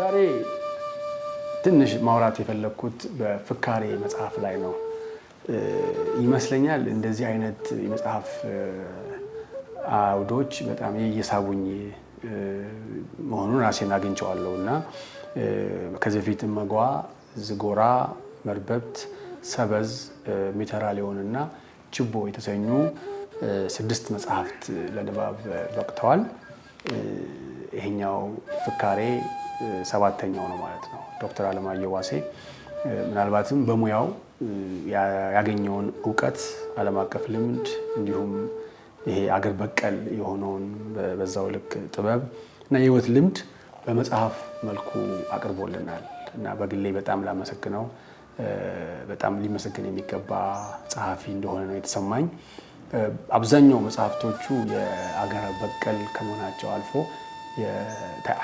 ዛሬ ትንሽ ማውራት የፈለግኩት በፍካሬ መጽሐፍ ላይ ነው ይመስለኛል። እንደዚህ አይነት የመጽሐፍ አውዶች በጣም እየሳቡኝ መሆኑን ራሴን አግኝቸዋለሁ እና ከዚህ በፊት መጓ፣ ዝጎራ፣ መርበብት፣ ሰበዝ፣ ሊሆን እና ችቦ የተሰኙ ስድስት መጽሐፍት ለንባብ በቅተዋል። ይሄኛው ፍካሬ ሰባተኛው ነው ማለት ነው። ዶክተር አለማየሁ ዋሴ ምናልባትም በሙያው ያገኘውን እውቀት፣ ዓለም አቀፍ ልምድ እንዲሁም ይሄ አገር በቀል የሆነውን በዛው ልክ ጥበብ እና የህይወት ልምድ በመጽሐፍ መልኩ አቅርቦልናል እና በግሌ በጣም ላመሰግነው በጣም ሊመሰገን የሚገባ ጸሐፊ እንደሆነ ነው የተሰማኝ። አብዛኛው መጽሐፍቶቹ የአገር በቀል ከመሆናቸው አልፎ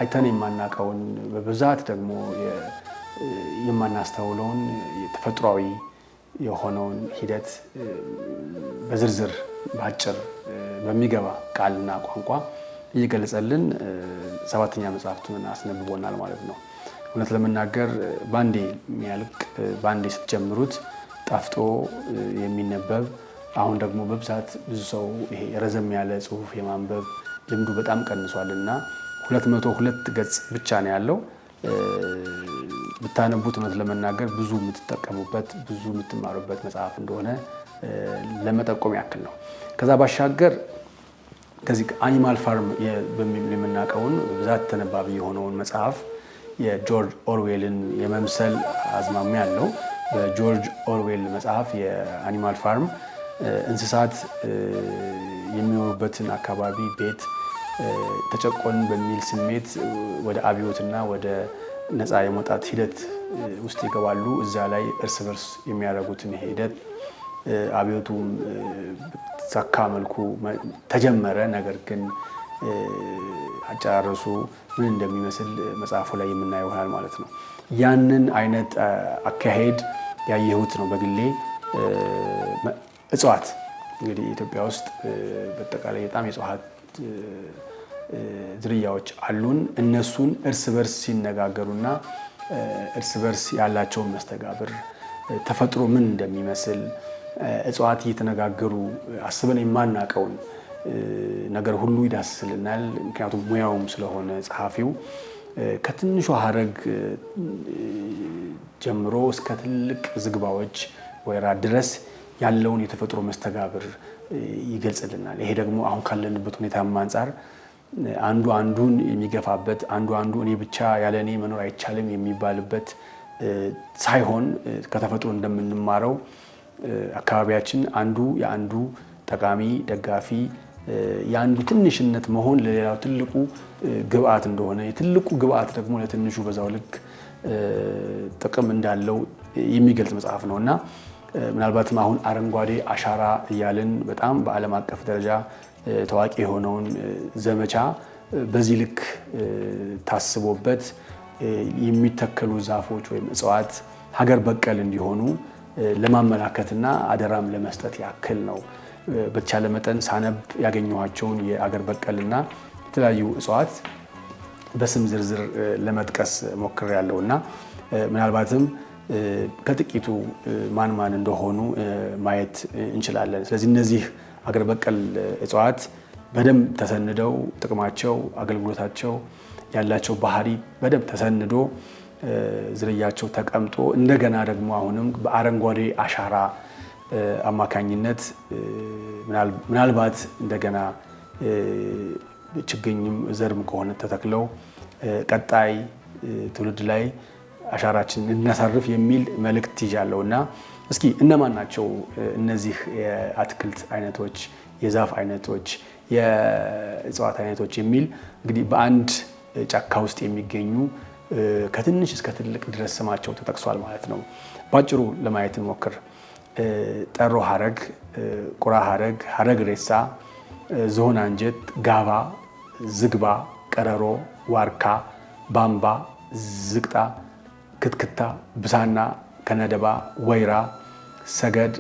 አይተን የማናውቀውን በብዛት ደግሞ የማናስተውለውን ተፈጥሯዊ የሆነውን ሂደት በዝርዝር በአጭር በሚገባ ቃልና ቋንቋ እየገለጸልን ሰባተኛ መጽሐፍቱን አስነብቦናል ማለት ነው። እውነት ለመናገር ባንዴ የሚያልቅ ባንዴ ስትጀምሩት ጣፍጦ የሚነበብ አሁን ደግሞ በብዛት ብዙ ሰው ይሄ ረዘም ያለ ጽሁፍ የማንበብ ልምዱ በጣም ቀንሷል እና 202 ገጽ ብቻ ነው ያለው። ብታነቡት እውነት ለመናገር ብዙ የምትጠቀሙበት ብዙ የምትማሩበት መጽሐፍ እንደሆነ ለመጠቆም ያክል ነው። ከዛ ባሻገር ከዚህ አኒማል ፋርም የምናቀውን የምናውቀውን ብዛት ተነባቢ የሆነውን መጽሐፍ የጆርጅ ኦርዌልን የመምሰል አዝማሚያ ያለው በጆርጅ ኦርዌል መጽሐፍ የአኒማል ፋርም እንስሳት የሚኖሩበትን አካባቢ ቤት ተጨቆን በሚል ስሜት ወደ አብዮትና ወደ ነፃ የመውጣት ሂደት ውስጥ ይገባሉ። እዛ ላይ እርስ በርስ የሚያደርጉትን ሂደት አብዮቱም ሰካ መልኩ ተጀመረ። ነገር ግን አጨራረሱ ምን እንደሚመስል መጽሐፉ ላይ የምናየው ይሆናል ማለት ነው። ያንን አይነት አካሄድ ያየሁት ነው በግሌ። እጽዋት እንግዲህ ኢትዮጵያ ውስጥ በጠቃላይ በጣም የእጽዋት ዝርያዎች አሉን። እነሱን እርስ በርስ ሲነጋገሩና እርስ በርስ ያላቸውን መስተጋብር ተፈጥሮ ምን እንደሚመስል እጽዋት እየተነጋገሩ አስበን የማናቀውን ነገር ሁሉ ይዳስልናል። ምክንያቱም ሙያውም ስለሆነ ጸሐፊው ከትንሿ ሀረግ ጀምሮ እስከ ትልቅ ዝግባዎች ወይራ ድረስ ያለውን የተፈጥሮ መስተጋብር ይገልጽልናል። ይሄ ደግሞ አሁን ካለንበት ሁኔታም አንጻር አንዱ አንዱን የሚገፋበት አንዱ አንዱ እኔ ብቻ ያለ እኔ መኖር አይቻልም የሚባልበት ሳይሆን ከተፈጥሮ እንደምንማረው አካባቢያችን አንዱ የአንዱ ጠቃሚ ደጋፊ የአንዱ ትንሽነት መሆን ለሌላው ትልቁ ግብአት እንደሆነ የትልቁ ግብአት ደግሞ ለትንሹ በዛው ልክ ጥቅም እንዳለው የሚገልጽ መጽሐፍ ነው እና ምናልባትም አሁን አረንጓዴ አሻራ እያልን በጣም በዓለም አቀፍ ደረጃ ታዋቂ የሆነውን ዘመቻ በዚህ ልክ ታስቦበት የሚተከሉ ዛፎች ወይም እጽዋት ሀገር በቀል እንዲሆኑ ለማመላከትና አደራም ለመስጠት ያክል ነው። በተቻለ መጠን ሳነብ ያገኘኋቸውን የአገር በቀልና የተለያዩ እጽዋት በስም ዝርዝር ለመጥቀስ ሞክሬያለሁ እና ምናልባትም ከጥቂቱ ማን ማን እንደሆኑ ማየት እንችላለን። ስለዚህ እነዚህ አገር በቀል እጽዋት በደንብ ተሰንደው ጥቅማቸው፣ አገልግሎታቸው ያላቸው ባህሪ በደንብ ተሰንዶ ዝርያቸው ተቀምጦ እንደገና ደግሞ አሁንም በአረንጓዴ አሻራ አማካኝነት ምናልባት እንደገና ችግኝም ዘርም ከሆነ ተተክለው ቀጣይ ትውልድ ላይ አሻራችን እናሳርፍ የሚል መልእክት ይዣለሁ እና እስኪ እነማን ናቸው እነዚህ የአትክልት አይነቶች፣ የዛፍ አይነቶች፣ የእጽዋት አይነቶች የሚል እንግዲህ በአንድ ጫካ ውስጥ የሚገኙ ከትንሽ እስከ ትልቅ ድረስ ስማቸው ተጠቅሷል ማለት ነው። ባጭሩ ለማየት እንሞክር። ጠሮ ሐረግ፣ ቁራ ሐረግ፣ ሐረግ ሬሳ፣ ዝሆን አንጀት፣ ጋባ፣ ዝግባ፣ ቀረሮ፣ ዋርካ፣ ባምባ፣ ዝቅጣ ክትክታ፣ ብሳና ከነደባ፣ ወይራ፣ ሰገድ፣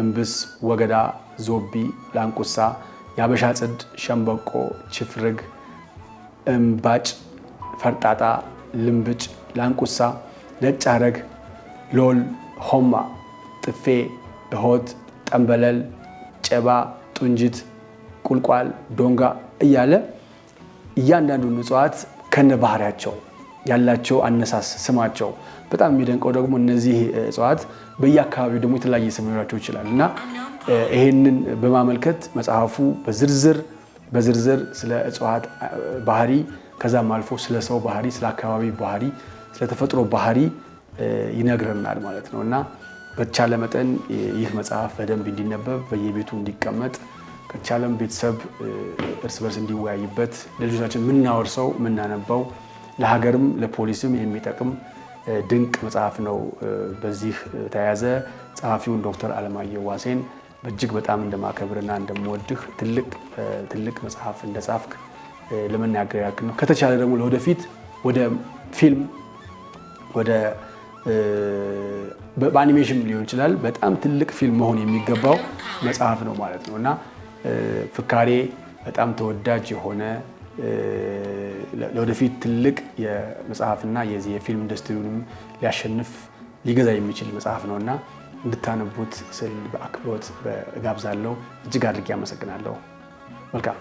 እምብስ፣ ወገዳ፣ ዞቢ፣ ላንቁሳ፣ የአበሻ ጽድ፣ ሸምበቆ፣ ችፍርግ፣ እምባጭ፣ ፈርጣጣ፣ ልምብጭ፣ ላንቁሳ፣ ነጭ አረግ፣ ሎል፣ ሆማ፣ ጥፌ፣ እሆት፣ ጠንበለል፣ ጨባ፣ ጡንጅት፣ ቁልቋል፣ ዶንጋ እያለ እያንዳንዱን እጽዋት ከነ ባህሪያቸው ያላቸው አነሳስ ስማቸው በጣም የሚደንቀው ደግሞ እነዚህ እጽዋት በየአካባቢው ደግሞ የተለያየ ስም ሊኖራቸው ይችላል እና ይሄንን በማመልከት መጽሐፉ በዝርዝር በዝርዝር ስለ እጽዋት ባህሪ ከዛም አልፎ ስለ ሰው ባህሪ፣ ስለ አካባቢ ባህሪ፣ ስለ ተፈጥሮ ባህሪ ይነግረናል ማለት ነው እና በተቻለ መጠን ይህ መጽሐፍ በደንብ እንዲነበብ በየቤቱ እንዲቀመጥ ከቻለም ቤተሰብ እርስ በርስ እንዲወያይበት ለልጆቻችን የምናወርሰው የምናነባው ለሀገርም ለፖሊስም የሚጠቅም ድንቅ መጽሐፍ ነው። በዚህ ተያያዘ ጸሐፊውን ዶክተር አለማየሁ ዋሴን በእጅግ በጣም እንደማከብርና እንደምወድህ ትልቅ ትልቅ መጽሐፍ እንደጻፍክ ለመናገር ያክል ነው። ከተቻለ ደግሞ ለወደፊት ወደ ፊልም ወደ በአኒሜሽን ሊሆን ይችላል በጣም ትልቅ ፊልም መሆን የሚገባው መጽሐፍ ነው ማለት ነው እና ፍካሬ በጣም ተወዳጅ የሆነ ለወደፊት ትልቅ የመጽሐፍና የዚህ የፊልም ኢንዱስትሪውንም ሊያሸንፍ ሊገዛ የሚችል መጽሐፍ ነው እና እንድታነቡት ስል በአክብሮት እጋብዛለሁ። እጅግ አድርጌ አመሰግናለሁ። መልካም